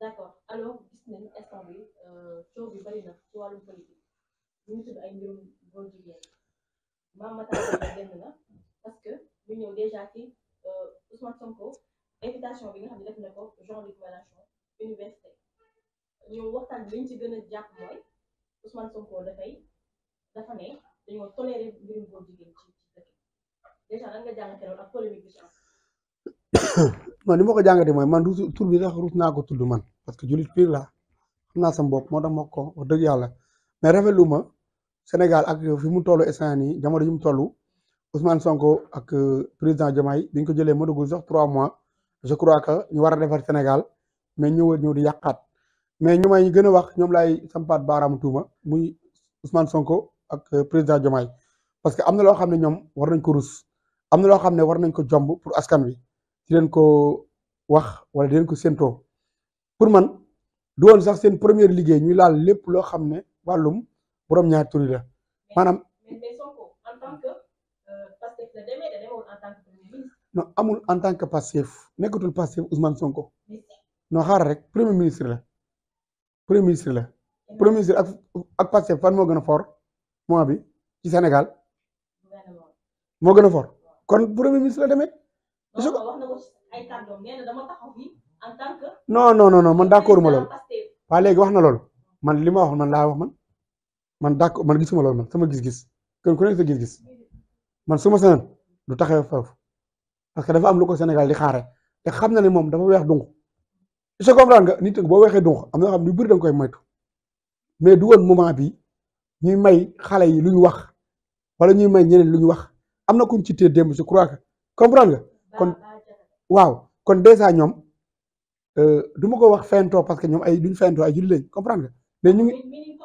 d' accord alors gis nañu instant bi euh, coow bi bari na ci wàllum politique ñu ngi tudd parce que ñu ñëw dèjà ci euh, Ousmane Sonko bi nga xam ne def na ko Jean-Luc Mélenchon université ñu waxtaan bi liñ ci gën a jàpp mooy Ousmane Sonko dafay dafa ne dañoo toléré mbirum góor jigéen ci ci dëkk dèjà lan nga jàngatee loolu ak polémique bi ci am non ni ma ko jàngatee mooy man tur bi sax ruus naa ko tudd man parce que jullit pire la xam naa sam bopp moo tax ma ko wax dëgg yàlla mais rafetlu ma Sénégal ak fi mu toll instant nii jamono ji mu toll Ousmane Sonko ak euh, président Diomaye bi ko jëlee mënagul sax trois mois je crois que ñu war a defar Sénégal mais ñëw ñëw di yàqaat mais ñu may gën a wax ñoom laay sampaat baaraamu tuuma muy Ousmane Sonko ak euh, président Diomaye parce que am na loo xam ne ñoom war nañ ko rus am na loo xam ne war nañ ko jomb pour askan wi. di leen ko wax wala di ko séntoo pour man du woon sax seen première liggéey ñuy laal lépp loo xam ne wàllum borom ñaari tur la maanaam. mais Sonko en tant que euh, Pastef la demee que premier ministre. non amul en tant que Pastef nekkatul Pastef Ousmane Sonko. non xaaral rek premier ministre la premier ministre la. premier ministre ak ak Pastef fan moo gën a fort mois bi ci Sénégal. moo gën a fort kon premier ministre la demee. non non non non man d'accord ma loolu waaye léegi wax na lool man li ma wax man laa wax man man d'accord man gisuma loolu man sama gis-gis kon ku nekk sa gis-gis man suma ma seen du taxaw foofu parce que dafa am lu ko Sénégal di xaare te xam na ne moom dafa weex dunq je comprends nga nit boo weexee dunq am na xam ne lu bëri da nga koy moytu mais du woon moment bi ñuy may xale yi lu ñu wax wala ñuy may ñeneen lu ñu wax am na kuñ ci téye démb je crois que comprendre nga. kon waaw kon dèjà ñoom du ma ko wax fentoo parce que ñoom ay duñ fentoo ay jullit lañ comprendre nga mais ñu ngi.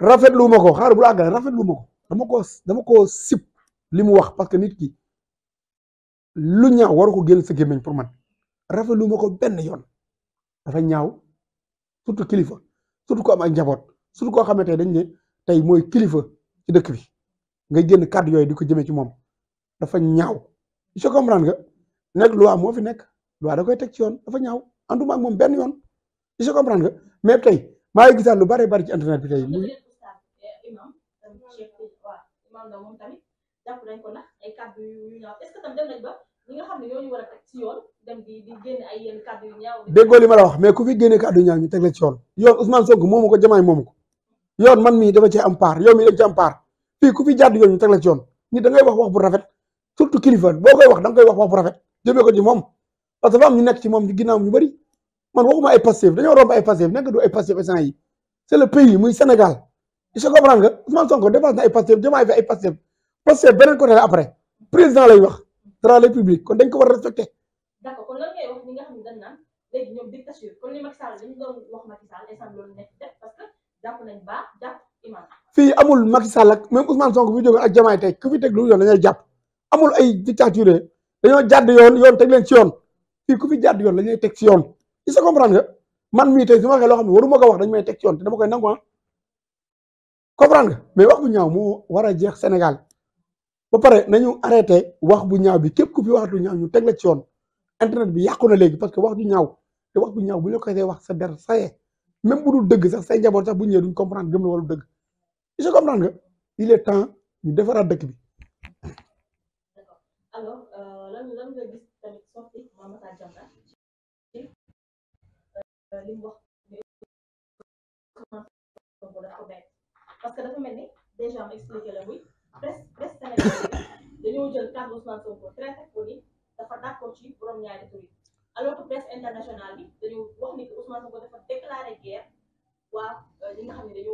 rafetlu ma ko xaaral bu àggale rafetlu ma ko dama koo dama koo sip li mu wax parce que nit ki lu ñaaw waru ko génn sa gémmiñ pour man rafetlu ma ko benn yoon dafa ñaaw surtout kilifa surtout ko am ay njaboot. suñu koo xamante ne dañ ne tey mooy kilifa ci dëkk bi nga génn kàddu yooyu di ko jëmee ci moom dafa ñaaw je comprendre nga nekk loi moo fi nekk loi da koy teg ci yoon dafa ñaaw ànduma ak moom benn yoon je comprendre nga mais tey maa ngi gisaat lu bare bari ci internet bi tey eh, muy. déggoo li ma la wax mais ku fi génne kàddu ñaaw ñu teg la ci yoon yoon Ousmane Sonko moomu ko jamaay moomu ko yoon man mii dafa cee am paar yow mii dafa cee am paar fii ku fi jàdd yoon ñu teg la ci yoon nit da ngay wax wax bu rafet surtout kilifa boo koy wax da nga koy wax wax bu rafet jëmee ko ci moom parce que dafa am nekk ci moom ni ginnaaw ñu bëri man waxuma ay passif dañoo romb ay passif nekk du ay passif instant yi c'est le pays muy ay passif jëmaay fi ay passif passif après président lay wax de la République kon dañ ko war a respecté. d'accord kon fii amul Macky Sall ak même Ousmane Sonko bu jógee ak Diomaye tey ku fi teg lu yoon dañuy jàpp amul ay dictature dañoo jàdd yoon yoon teg leen ci yoon fii ku fi jàdd yoon dañuy teg ci yoon il se comprendre nga man mii tey su ma waxee loo xam ne waruma ko wax dañu may teg ci yoon te dama koy nangu ah comprendre nga mais wax bu ñaaw moo war a jeex Sénégal ba pare nañu arrêté wax bu ñaaw bi képp ku fi wax lu ñaaw ñu teg la ci yoon internet bi yàqu na léegi parce que wax ju ñaaw te wax bu ñaaw bu ñu la koy wax sa der saye même bu dul dëgg sax say njaboot sax bu ñëwee duñ comprendre gëm la wala dëgg je comprends nga il est temps ñu defaraat dëkk bi. Euh, euh, parce que dafa mel déjà expliqué la muy presse presse sénégalais dafa d'accord ci borom ñaari tur yi alors que presse internationale bi dañoo wax ni que euh, xam ne dañoo euh,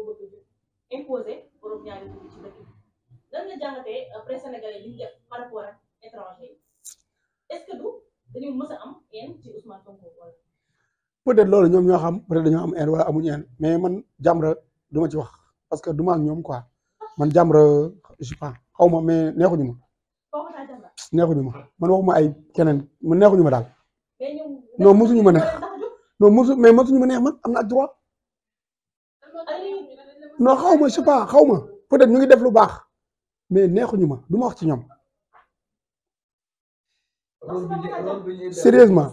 loolu ñoom ñoo xam peut dañoo am haine wala amuñu mais man Jamra du ma ci wax parce que duma ak ñoom quoi man Jamra je sais pas xaw ma mais neexuñu ma. neexuñu ma man waxuma ay keneen man neexuñu ma daal. noo mosuñu ma neex non mosu mais mosuñu ma neex man am naa droit non xaw ma je sais pas xaw ma peut-être ñu ngi def lu baax mais neexuñu ma du ma wax ci ñoom. sérieusement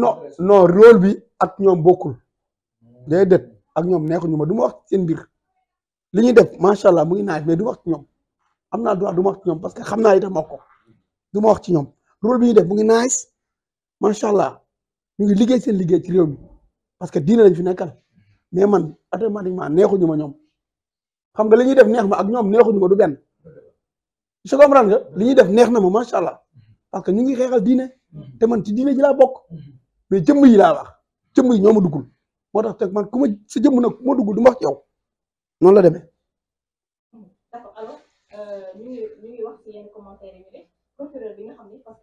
non no rôle bi ak ñoom bokkul day dët ak ñoom neexuñu ma du ma wax ci seen li ñuy def macha allah mu ngi naaj mais du ma wax ci ñoom am naa droit du ma wax ci ñoom parce que xam naa itam ma ko du ma wax ci ñoom rôle bi def mu ngi naaj. macha allah ñu ngi liggéey seen liggéey ci réew mi parce que diine lañ fi nekkal mais man automatiquement neexuñu ma ñoom xam nga li ñuy def neex ma ak ñoom neexuñu ma du benn su ko li ñuy def neex na ma macha allah parce que ñu ngi xeexal diine te man ci diine ji laa bokk mais jëmm yi laa wax jëmm yi ñoom a duggul moo tax te man ku ma sa jëmm nag ku ma duggul du ma wax ci yow noonu la demee. d'accord euh, nga xam ne parce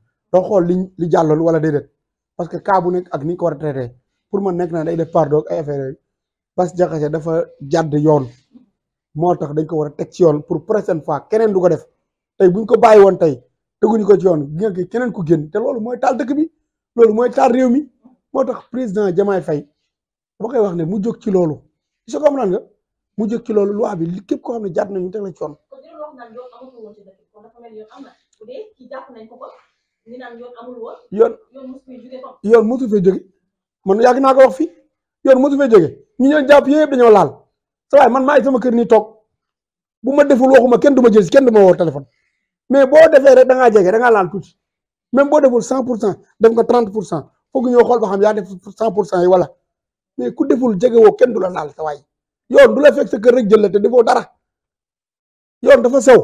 doo xool liñ li jàlloon wala déedéet parce que cas bu nekk ak ni ko war a traité pour man nekk naa day def pardon ay affaire yooyu Bass Diakhaté dafa jàdd yoon moo tax dañ ko war a teg ci yoon pour prochaine fois keneen du ko def tey buñ ko bàyyi woon tey teguñu ko ci yoon gi nga keneen ku génn te loolu mooy taal dëkk bi loolu mooy taal réew mi moo tax président Diomaye Faye ba koy wax ne mu jóg ci loolu su ko naan nga mu jóg ci loolu loi bi li képp koo xam ne jàdd nañu teg la ci yoon yoon yoon mosu fee jóge man yàgg naa ko wax fi yoon mosu fee jóge ñu ñëw jàpp yëpp dañoo laal sa man maa ngi sama kër nii toog bu ma deful waxuma kenn du ma jël si kenn du ma woo téléphone mais boo defee rek da ngaa jege da ngaa laal tuuti même boo deful cent pour cent def nga trente pour cent foog ñoo xool ba xam yaa def cent pour cent yi wala mais ku deful jege woo kenn du la laal sa waay yoon du la fekk sa kër rek jël la te defoo dara yoon dafa sew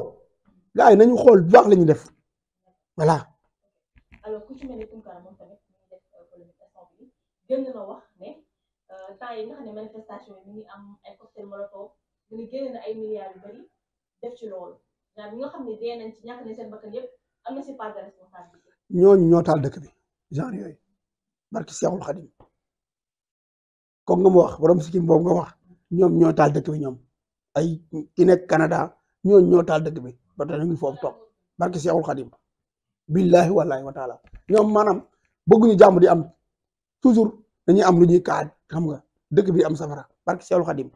gars yi nañu xool bu baax la ku ci mel ni Tunkara moom tamit euh, euh, mu ngi def polémique instant na mi mu wax borom sikkim boobu wax ñoom ñoo dëkk bi ñoom ay nekk Canada ñooñu ñoo dëkk bi ba tey ngi foofu toog barki Seexul Xadim billahi wallahi wa taala ñoom maanaam bëgguñu jàmm di am toujours dañuy am lu ñuy kaaj xam nga dëkk bi am safara barki Seexul Xadim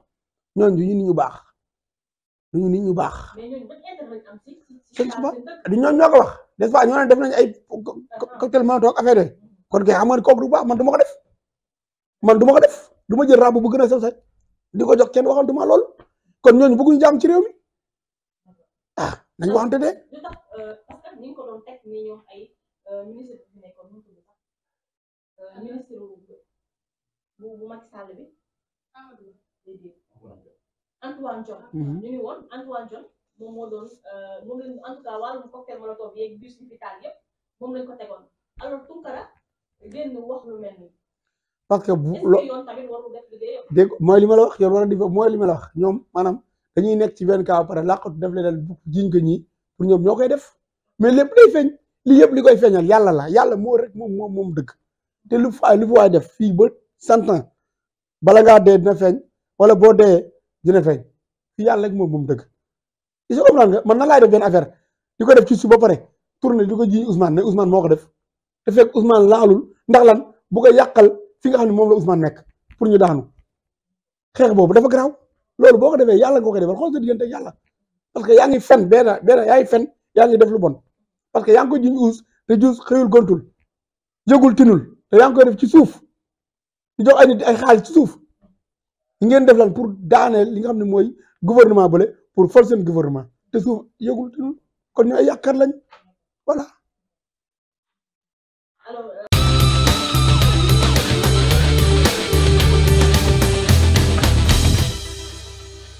ñooñu du ñu nit ñu baax du ñu nit ñu baax. sëñ Tuba du ñooñu ñoo ko wax n'est-ce pas ñoo ne ay cocktail molotov affaire yooyu kon kay xam nga kooku du baax man du ma ko def man du ma ko def du ma jël rab bugg gën a sew sax di ko jox kenn waxantuma lool kon ñooñu bëgguñu jàmm ci réew mi ah nañu waxante de. Euh, parce que ko doon teg ni ñoom ay euh, ministre bi fi nekkoon nu mu tudd sax euh, bi. Amadou mhm. moom moo doon moom lañ en tout moom lañ ko tegoon alors Tounkara génn wax lu mel bu mooy li ma la wax yow war a di mooy li wax ñoom maanaam dañuy nekk ci benn ka ba pare làqatu def leen jiñ ko pour ñoom ñoo koy def mais lépp day feeñ li yëpp li koy feeñal yàlla la yàlla moo rek moom moom moom dëgg te lu fa lu waay def fii ba cent ans bala ngaa dee dina feeñ wala boo dee dina feeñ fii yàlla rek moom moom dëgg est-ce que man nan laay def benn affaire di ko def ci su ba pare tourné di ko ji Ousmane ne Ousmane moo ko def te fekk Ousmane laalul ndax lan bu ko yàqal fi nga xam ne moom la Ousmane nekk pour ñu daanu xeex boobu dafa garaaw loolu boo ko defee yàlla nga ko defal xool sa diggante ak yàlla. parce que yaa ngi fen benn benn yaa ngi fen yaa ngi def lu bon parce que yaa ko jiñ uus te juus xëyul gontul yëgul tinul te yaa ngi koy def ci suuf di jox ay nit ay xaalis ci suuf ngeen def lan pour daaneel li nga xam ne mooy gouvernement bële pour forcer seen gouvernement te suuf yëgul tinul kon ñu ay yàqkat lañ voilà.